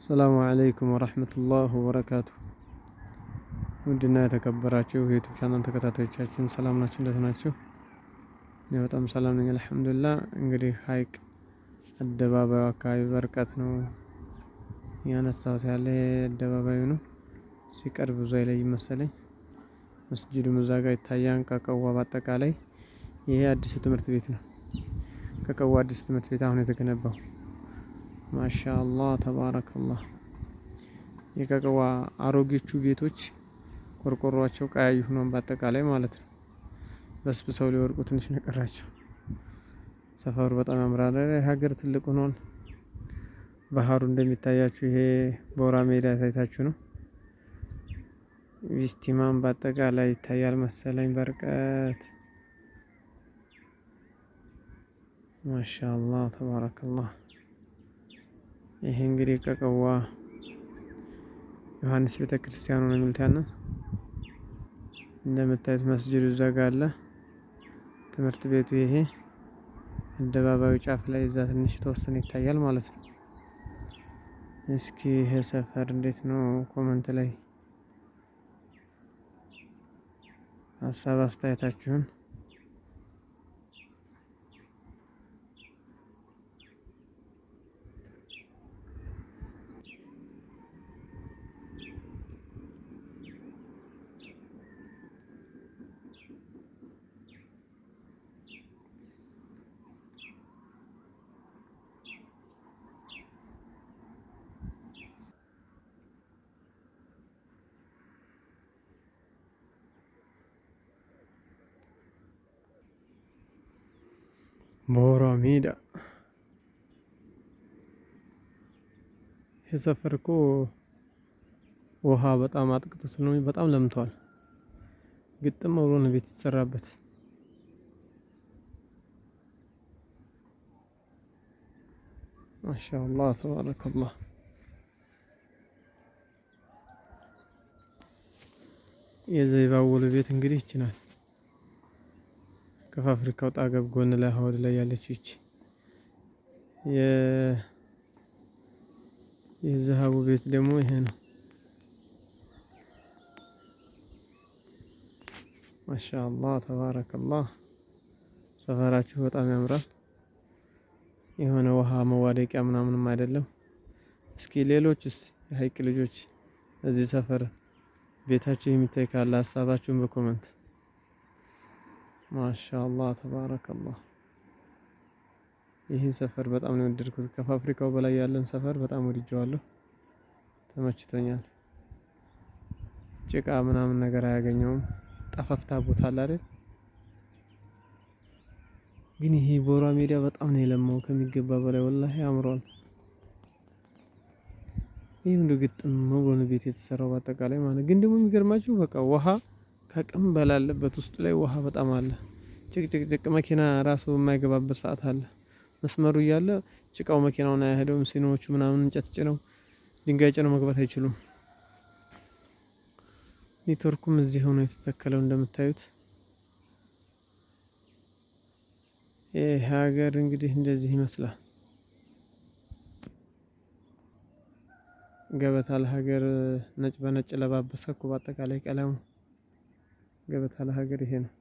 አሰላሙ አለይኩም ወራህመቱላህ ወበረካቱ። ውድና የተከበራችሁ የዩቱብ ቻናል ተከታታዮቻችን ሰላም ናችሁ? እንደት ናችሁ? እኔ በጣም ሰላም ነኝ አልሐምዱሊላህ። እንግዲህ ሀይቅ አደባባዩ አካባቢ በርቀት ነው ያነሳሁት ያለ አደባባዩ ነው። ሲቀርብ ብዙ አይለይ መሰለኝ። መስጂዱ መዛጋ ይታያን ከቀዋ በአጠቃላይ ይሄ አዲሱ ትምህርት ቤት ነው። ከቀዋ አዲሱ ትምህርት ቤት አሁን የተገነባው ማሻአላህ ተባረከላህ። የቀቀዋ አሮጌቹ ቤቶች ቆርቆሯቸው ቀያይ ሆኖም በአጠቃላይ ማለት ነው በስብሰው ሊወርቁ ትንሽ ነቀራቸው። ሰፈሩ በጣም ያምራል። ሀገር ትልቅ ሆኗል። ባህሩ እንደሚታያችሁ ይሄ ቦራ ሜዳ ታይታችሁ ነው። ቪስቲማም በአጠቃላይ ይታያል መሰለኝ በርቀት። ማሻአላህ ተባረከላህ ይሄ እንግዲህ ቀቀዋ ዮሐንስ ቤተ ክርስቲያኑ ነው የሚሉት። ያንን እንደምታዩት መስጅዱ እዛ ጋ አለ። ትምህርት ቤቱ ይሄ አደባባዩ ጫፍ ላይ እዛ ትንሽ ተወሰነ ይታያል ማለት ነው። እስኪ ይሄ ሰፈር እንዴት ነው? ኮመንት ላይ ሀሳብ አስተያየታችሁን ቦራ ሜዳ ሰፈር እኮ ውሃ በጣም አጥቅቶ ስለሆነ በጣም ለምቷል። ግጥም ብሎ ነው ቤት የተሰራበት። ማሻአላህ ተባረከላህ። የዘይባወሉ ቤት እንግዲህ ይችናል። ከፋፍሪካ ወጣ ገብ ጎን ላይ ሀውድ ላይ ያለች ይቺ የዘሃቡ ቤት ደግሞ ይሄ ነው። ማሻአላህ ተባረከላህ። ሰፈራችሁ በጣም ያምራል። የሆነ ውሃ መዋደቂያ ምናምንም አይደለም። እስኪ ሌሎችስ የሀይቅ ልጆች እዚህ ሰፈር ቤታችሁ የሚታይ ካለ ሀሳባችሁን በኮመንት ማሻአላህ ተባረከላህ። ይህን ሰፈር በጣም ነው የወደድኩት። ከፋብሪካው በላይ ያለን ሰፈር በጣም ወድጀዋለሁ፣ ተመችቶኛል። ጭቃ ምናምን ነገር አያገኘውም። ጠፈፍታ ቦታ አለ አይደል? ግን ይሄ ቦራ ሜዳ በጣም ነው የለማው ከሚገባ በላይ ወላሂ አምሯል። ይህ ምንድን ግጥም ብሎ ቤት የተሰራው በአጠቃላይ ማለት ግን ደግሞ የሚገርማችሁ በቃ ውሃ ከቅም በላለበት አለበት። ውስጡ ላይ ውሃ በጣም አለ። ጭቅጭቅጭቅ መኪና ራሱ የማይገባበት ሰዓት አለ። መስመሩ እያለ ጭቃው መኪናውን አያሄደውም ሲኖዎቹ ምናምን እንጨት ጭነው ድንጋይ ጭነው መግባት አይችሉም። ኔትወርኩም እዚህ ሆኖ የተተከለው እንደምታዩት ይህ ሀገር እንግዲህ እንደዚህ ይመስላል። ገበታ ለሀገር ነጭ በነጭ ለባበሰ እኮ በአጠቃላይ ቀለሙ ገበታ ለሀገር ይሄ ነው።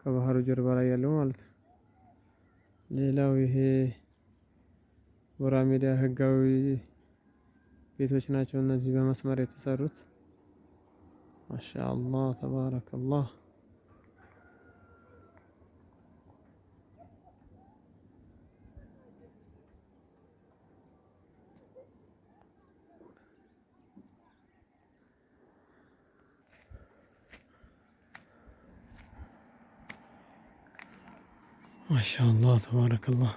ከባህሩ ጀርባ ላይ ያለው ማለት ነው። ሌላው ይሄ ወራ ሜዳ ህጋዊ ቤቶች ናቸው እነዚህ በመስመር የተሰሩት። ማሻአላህ ተባረከላህ። ما شاء الله تبارك الله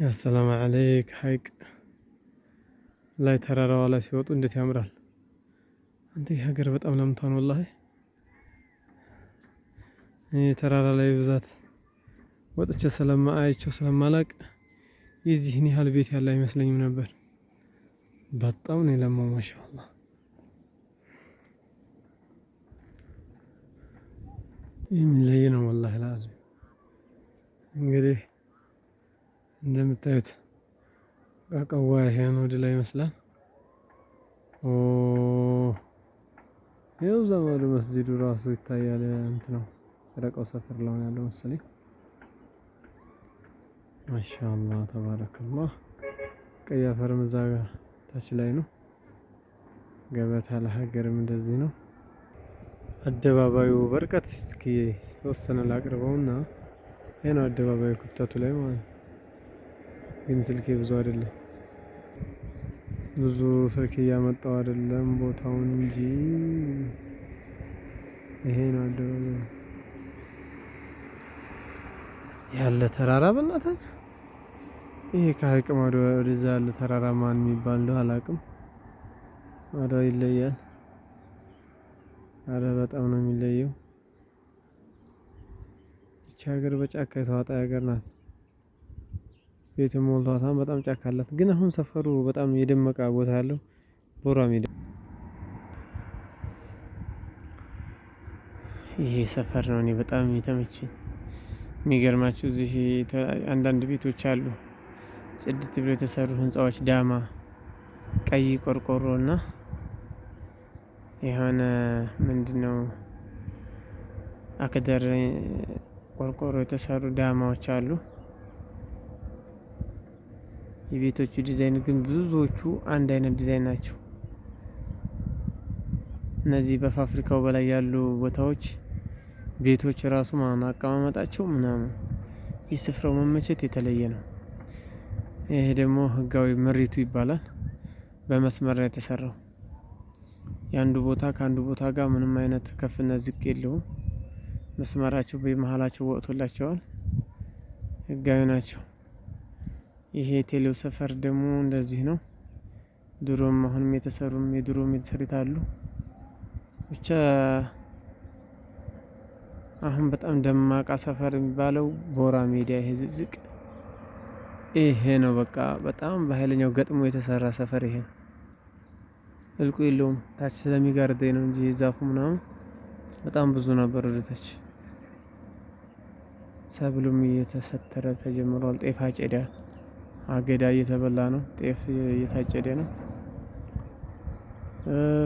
يا سلام عليك حق لا يترى ولا سيوط اندت يا مرال انت هاجر بتأملم والله ተራራ ላይ ብዛት ወጥቼ ስለማ አይቸው ስለማላቅ የዚህን ያህል ቤት ያለ አይመስለኝም ነበር። በጣም ነው የለማው። ማሻአላ የሚለይ ነው ወላሂ ላዚ እንግዲህ እንደምታዩት ቃቀዋ ይሄን ወደ ላይ ይመስላል። ይኸው እዛ ወደ መስጂዱ ራሱ ይታያል። እንት ነው ረቀው ሰፈር ለሆነ ያለው መሰለኝ። ማሻአላ ተባረከላ። ቀይ አፈር እዛ ታች ላይ ነው። ገበታ ለሀገርም እንደዚህ ነው። አደባባዩ በርቀት እስኪ ተወሰነ ላቅርበውና ይሄ ነው አደባባዩ ክፍተቱ ላይ ማለት ግን ስልኬ ብዙ አይደለም ብዙ ስልክ እያመጣው አይደለም ቦታውን እንጂ ይሄ ነው አደባባዩ። ያለ ተራራ በእናትህ ይሄ ከሀይቅ ማዶ ወደዛ ያለ ተራራ ማን የሚባል እንደው አላውቅም። ማዶ ይለያል። አረ በጣም ነው የሚለየው። ይቺ ሀገር በጫካ የተዋጣ ሀገር ናት። ቤት በጣም ጫካ አላት። ግን አሁን ሰፈሩ በጣም የደመቀ ቦታ ያለው ቦራ ሜዳ ይሄ ሰፈር ነው እኔ በጣም የተመቸኝ። የሚገርማችሁ እዚህ አንዳንድ ቤቶች አሉ ጽድት ብሎ የተሰሩ ህንፃዎች፣ ዳማ ቀይ ቆርቆሮ እና የሆነ ምንድን ነው አክደር ቆርቆሮ የተሰሩ ዳማዎች አሉ። የቤቶቹ ዲዛይን ግን ብዙዎቹ አንድ አይነት ዲዛይን ናቸው። እነዚህ በፋብሪካው በላይ ያሉ ቦታዎች ቤቶች ራሱ ማን አቀማመጣቸው ምናምን የስፍራው መመቸት የተለየ ነው። ይሄ ደግሞ ህጋዊ ምሪቱ ይባላል። በመስመር ላይ የተሰራው የአንዱ ቦታ ከአንዱ ቦታ ጋር ምንም አይነት ከፍና ዝቅ የለውም። መስመራቸው በመሀላቸው ወጥቶላቸዋል። ህጋዊ ናቸው። ይሄ የቴሌው ሰፈር ደግሞ እንደዚህ ነው። ድሮም አሁንም የተሰሩም የድሮም የተሰሩት አሉ ብቻ አሁን በጣም ደማቃ ሰፈር የሚባለው ቦራ ሚዲያ ይሄ ዝቅዝቅ ይሄ ነው። በቃ በጣም በኃይለኛው ገጥሞ የተሰራ ሰፈር ይሄ እልቁ የለውም ታች ስለሚጋርደኝ ነው እንጂ ዛፉ ምናምን በጣም ብዙ ነበር። ወደታች ሰብሉም እየተሰተረ ተጀምሯል። ጤፍ አጨዳ አገዳ እየተበላ ነው። ጤፍ እየታጨደ ነው።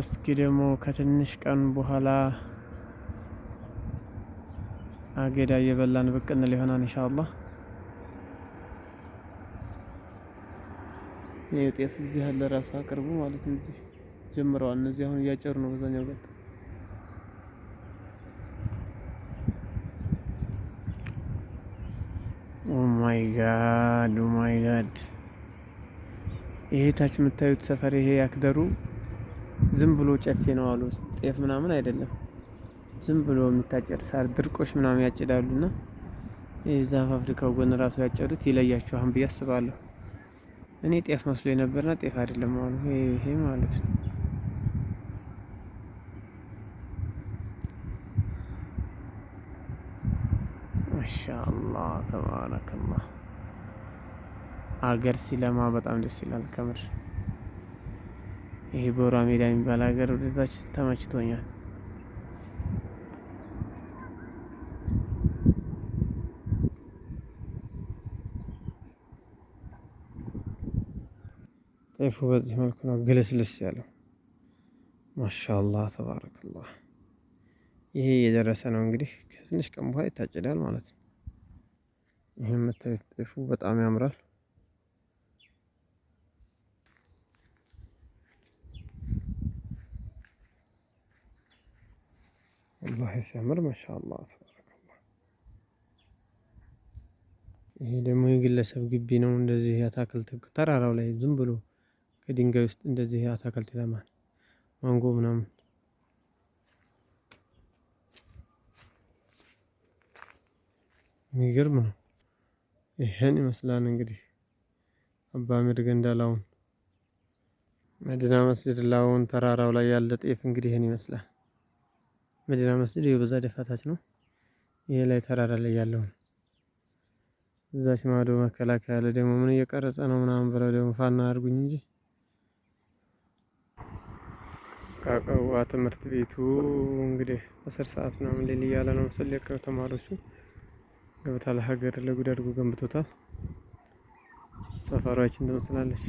እስኪ ደግሞ ከትንሽ ቀን በኋላ አገዳ እየበላን ብቅ እንል ይሆናል ኢንሻአላህ። የጤፍ እዚህ ያለ ራሱ አቅርቡ ማለት ነው። እዚህ ጀምረዋል። እነዚህ አሁን እያጨሩ ነው። በዛኛው ገጥ ኦ ማይ ጋድ ኦ ማይ ጋድ። ይሄ ታች የምታዩት ሰፈር ይሄ ያክደሩ ዝም ብሎ ጨፌ ነው አሉ። ጤፍ ምናምን አይደለም። ዝም ብሎ የሚታጨድ ሳር ድርቆሽ ምናምን ና የዛፍ አፍሪካው ጎን ራሱ ያጨዱት ይለያችኋል ብዬ አስባለሁ። እኔ ጤፍ መስሎ የነበርና ጤፍ አይደለም አሁን ይሄ ማለት ነው። ማሻአላህ ተባረከላህ። አገር ሲለማ በጣም ደስ ይላል ከምር። ይሄ ቦራ ሜዳ የሚባል ሀገር ወደታች ተመችቶኛል። ጤፉ በዚህ መልኩ ነው ግልስልስ ያለው። ማሻአላህ ተባረከላህ። ይሄ የደረሰ ነው እንግዲህ ከትንሽ ቀን በኋላ ይታጨዳል ማለት ነው። ይህ የምታዩት ጤፉ በጣም ያምራል። ወላሂ ሲያምር ማሻአላህ ተባረከላህ። ይሄ ደግሞ የግለሰብ ግቢ ነው። እንደዚህ ያታክልት ተራራው ላይ ዝም ብሎ ከድንጋይ ውስጥ እንደዚህ አታክልት ይለማል። ማንጎ ምናምን የሚገርም ነው። ይህን ይመስላል እንግዲህ አባ ምድር ገንዳላውን መዲና መስጅድ ላውን ተራራው ላይ ያለ ጤፍ እንግዲህ ይህን ይመስላል። መዲና መስጅድ የበዛ ደፋታች ነው። ይሄ ላይ ተራራ ላይ ያለውን እዛ ማዶ መከላከያ ያለ ደግሞ ምን እየቀረጸ ነው ምናምን ብለው ደግሞ ፋና አድርጉኝ እንጂ ቀዋ ትምህርት ቤቱ እንግዲህ አስር ሰዓት ምናምን ሌል እያለ ነው ያቀው ተማሪዎቹ ገብታ ለሀገር ለጉድ አድርጎ ገንብቶታል። ሰፈራችን ትመስላለች።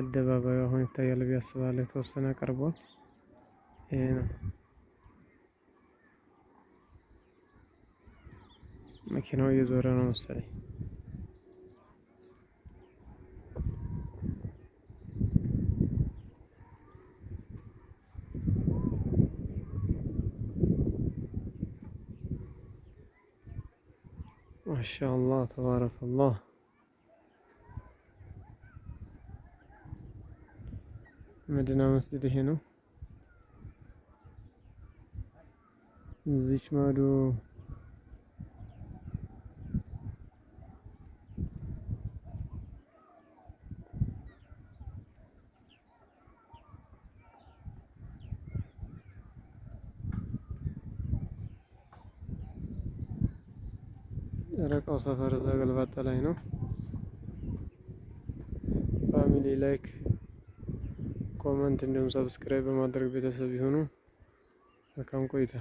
አደባባዩ አሁን ይታያል ብዬ አስባለሁ። የተወሰነ ቀርቧል። ይሄ ነው መኪናው እየዞረ ነው መሰለኝ። ما شاء الله تبارك الله مدينة مسجد هنا زيش مادو ጨረቃው ሰፈር እዛ ላይ ነው። ፋሚሊ ላይክ፣ ኮመንት እንዲሁም ሰብስክራይብ በማድረግ ቤተሰብ ይሁኑ። መልካም ቆይታ